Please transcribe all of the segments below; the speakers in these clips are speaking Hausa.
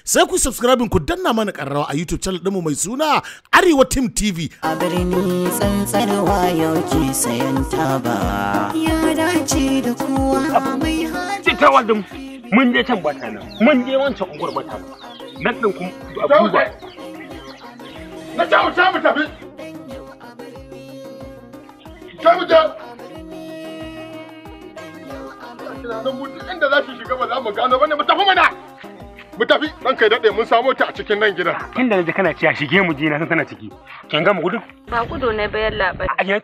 sai ku subscribing ku danna mana karrawa a YouTube channel ɗinmu mai suna Arewa Team TV. A birni tsantsarwa wayo ke sayan taba. Ya dace da kowa mai hajji. ta wadin mun je can bata nan, mun je wancan unguwar bata nan. Nan ɗin a abubuwa. Na ta mu mu tafi. Ta mu ta. Tunanin inda za shi shiga ba za mu gano ba ne mu tafi mana. mu tafi dan kai dade mun samo ta a cikin nan gidan tunda naji kana ciya shige mu jina na san tana ciki kin ga mu gudu ba gudu ne bayan labai a ina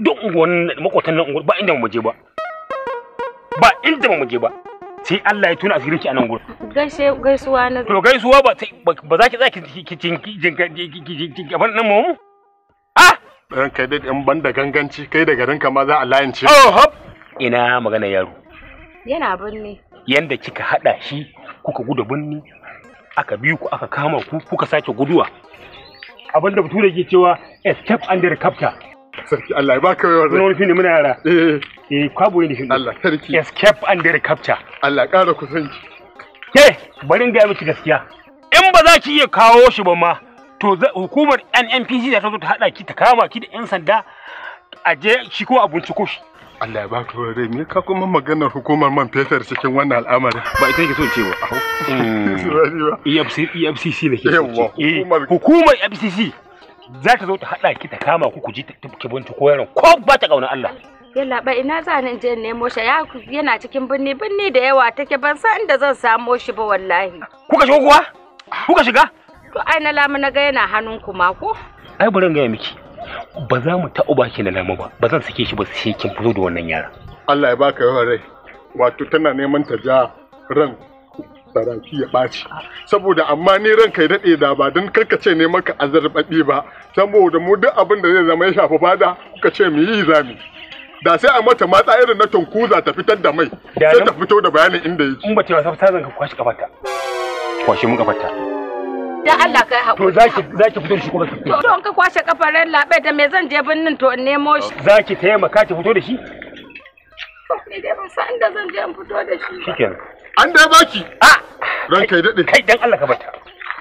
duk unguwan makwatan nan unguwa ba inda mu je ba ba inda mu je ba sai Allah ya tuna asirinki a nan gurin gaishe gaisuwa na to gaisuwa ba ba za ki za ki ki abin nan mu ah dan kai dade in ban da ganganci kai da garin ma za a layance oh hop ina magana yaro yana birni yanda kika hada shi kuka gudu binni aka bi ku aka kama ku kuka sake guduwa abinda da bature ke cewa escape under capture sarki Allah ya baka yawa wani fini muna yara eh eh kwabo ne shi Allah sarki escape under capture Allah ƙara sanki ke bari ga miki gaskiya in ba za ki iya kawo shi ba ma to hukumar NNPC za ta zo ta hada ki ta kama ki da yan sanda a je shi ko a binciko shi Allah ya ba ta rai me ka kuma maganar hukumar man fetur cikin wannan al'amarin ba ita yake so ce ba hmm. EFCC e ne ke so e, hukumar EFCC za ta zo ta hada ki ta kama ku ku ji ta kibinta ko yaron ko ba ta kauna Allah yalla ba ina za ni je nemo shi ya yana cikin binni binni da yawa take ban san inda zan samo shi ba wallahi kuka shigo kuwa ah. kuka shiga to ai na lamu na ga yana hannun ku ma ko ai bari in ga miki ba za mu taɓa baki da lama ba ba zan sake shi ba sai kin fito da wannan yara Allah ya baka yawan rai wato tana neman ta ja ran saraki ya ɓaci saboda amma ni ran kai daɗe da ba don ce ne maka azarbaɗi ba saboda mu duk abin da zai zama ya shafi bada ka ce mu yi zami da sai a mata matsa irin na tunkuza ta fitar da mai sai ta fito da bayanin inda yake in ba ta sai ta zanka kwashi kafarta kwashi mun kafarta da Allah kai haƙuri. To zaki zaki fito shi kuma ki fito. To in ka kwashe kafar ran labe da me zan je binnin to in nemo shi. Zaki taimaka ki fito da shi? Ni dai ban san inda zan je in fito da shi. Shikenan. An dai baki. A. Ah! Ran kai dade. Kai dan Allah ka bata.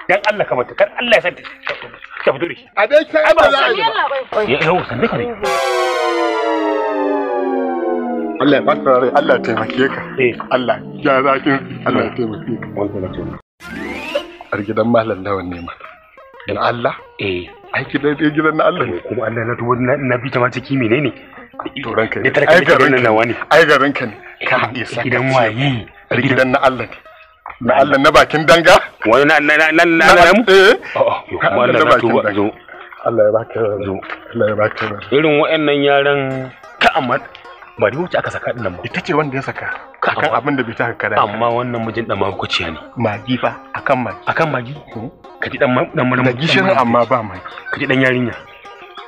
Dan Allah ka bata. Kar Allah ya san Ka fito da shi. A dai sai Allah ya yi Ya Yau san ka ne. Allah ya fasa Allah ya taimake ka. Eh Allah ya zakin Allah ya taimake ka. har gidan malam lawan ne ma dan Allah eh ai gidan dai eh, gidan na Allah ne eh, kuma Allah na tuwo na bi ta mata kimi ne ne eh, to ranka ne ai garin nan nawa ne ai garin ka ne ka haɗe sa gidan waye gidan na Allah ne na Allah na bakin danga wani na na na na na mu eh oh, oh, Allah na tuwo zo Allah ya baka zo Allah ya baka irin waɗannan yaran ka amma bari wuce aka saka dinnan ba ita ce wanda ya saka akan abin da bai ta kada amma wannan mijin dan maguciya ne magi fa akan magi akan magi hmm. ka ji dan dan murmu da gishin amma ba magi ka ji dan yarinya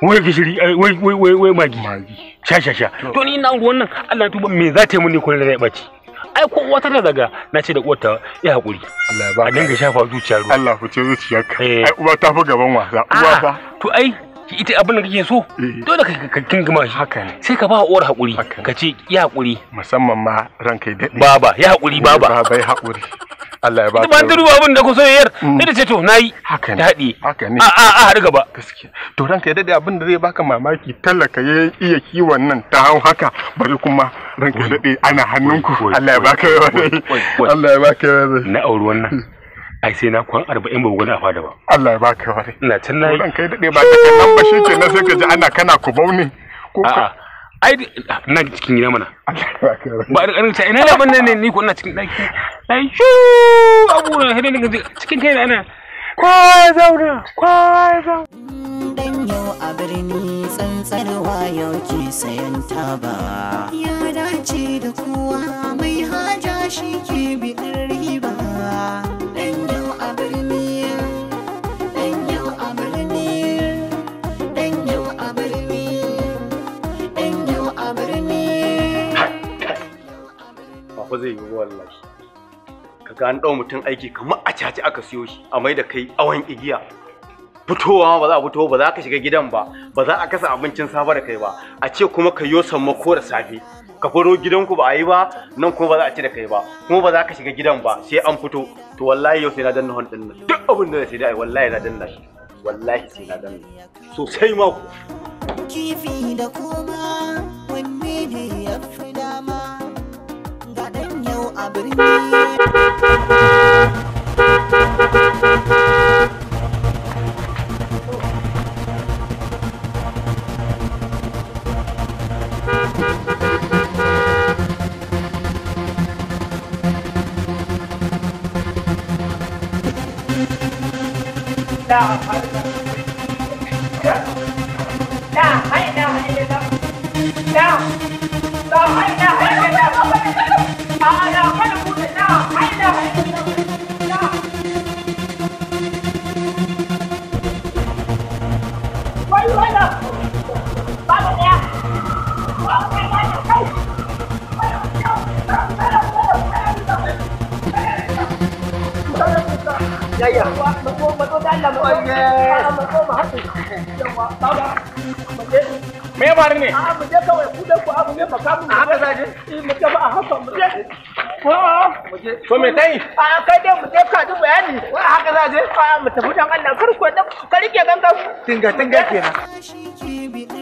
wai gishiri wai wai wai wai magi magi sha sha sha to ni ina ruwan nan Allah tuba me za ta yi mun ne kullun da ya baci ai ko wata da daga na ce da uwarta ya hakuri Allah ya ba a dinga shafa zuciya ruwa Allah fice ka eh. ai uba ta fi gaban wasa uba fa ah, to ai ita abin da kake so eh. dole ka kingima shi haka ne sai ka ba uwar hakuri ka ce ya hakuri musamman ma ranka ya dade baba ya hakuri eh, baba baba ya hakuri Allah ya ba ta duru abin da ku so yayar mm. sai da ce to nayi haka ne hadi haka ne a a a har gaba gaskiya to ranka ya dade abin da zai baka mamaki talaka ya iya kiwon nan ta hau haka bari kuma ranka ya dade ana hannunku Allah ya baka Allah ya baka na auri wannan ai sai na kwan arba'in ba a fada ba Allah ya ba ka wani. ina can yi. ran kai daɗe ba ka kallon ba shike na sai ka ji ana kana ku bauni ko ka ai na cikin gida mana Allah ya baka ba ta ina laban nan ne ni ko ina cikin ɗaki. ai shu abu na hidin ga cikin kai ana kowa ya zauna kowa ya zauna dan yau a birni tsantsarwa yau ke sayan taba ya dace da kowa mai haja shi ke biya wallahi kaga an ɗau mutum aiki kamar a caci aka siyo shi a mai da kai awon igiya fitowa ba za a fito ba za ka shiga gidan ba ba za a kasa abincin safe da kai ba a ce kuma ka yo sammako da safe ka furo gidanku ba a yi ba nan kuma ba za a ci da kai ba kuma ba za ka shiga gidan ba sai an fito to wallahi yau sai na danna hon din duk abin da sai dai wallahi na danna shi wallahi sai na danna sosai ma ku kifi da kuma wanne ne Yeah. dạ dạ mình quân mình có cái là mình quân mình có mà hết tao đã mình chết mẹ ba đi nè à mình chết không em cũng chết quá mình biết mà cắm mình chết mình cho bà hết rồi mình chết To me kai? A kai dai mu dai kaji bayani. Haka za je mu tafi dan Allah ku da ka rike ganga. Tinga tinga kenan.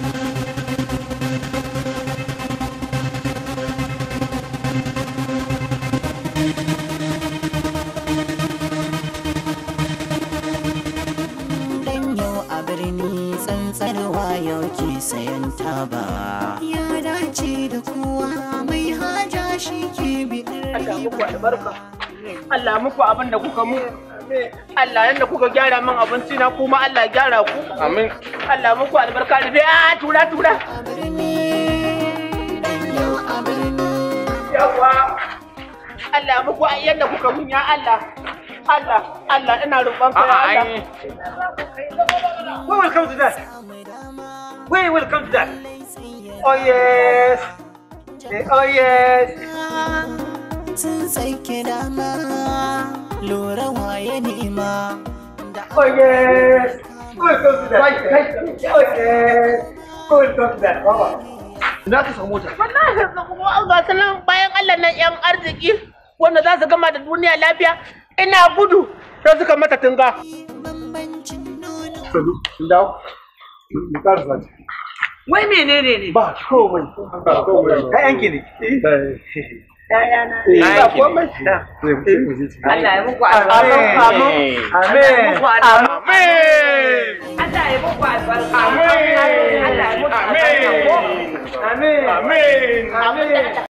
ke sayan taba ya dace da kowa mai haja ke Allah yanda kuka gyara min abinci na kuma Allah gyara ku amin Allah muku albarka da a ah, tura tura Allah muku yanda kuka mun ya Allah Allah Allah ina roƙon ya Allah Welcome to that. We will come to that. Oh yes. Oh yes. Oh Oh yes. bayan Allah nan yan arziki wanda za su gama da duniya lafiya ina gudu sai suka mata tunga. Wai menene ne? Ba eh, komai. Ba komai. ne. ne. Amen.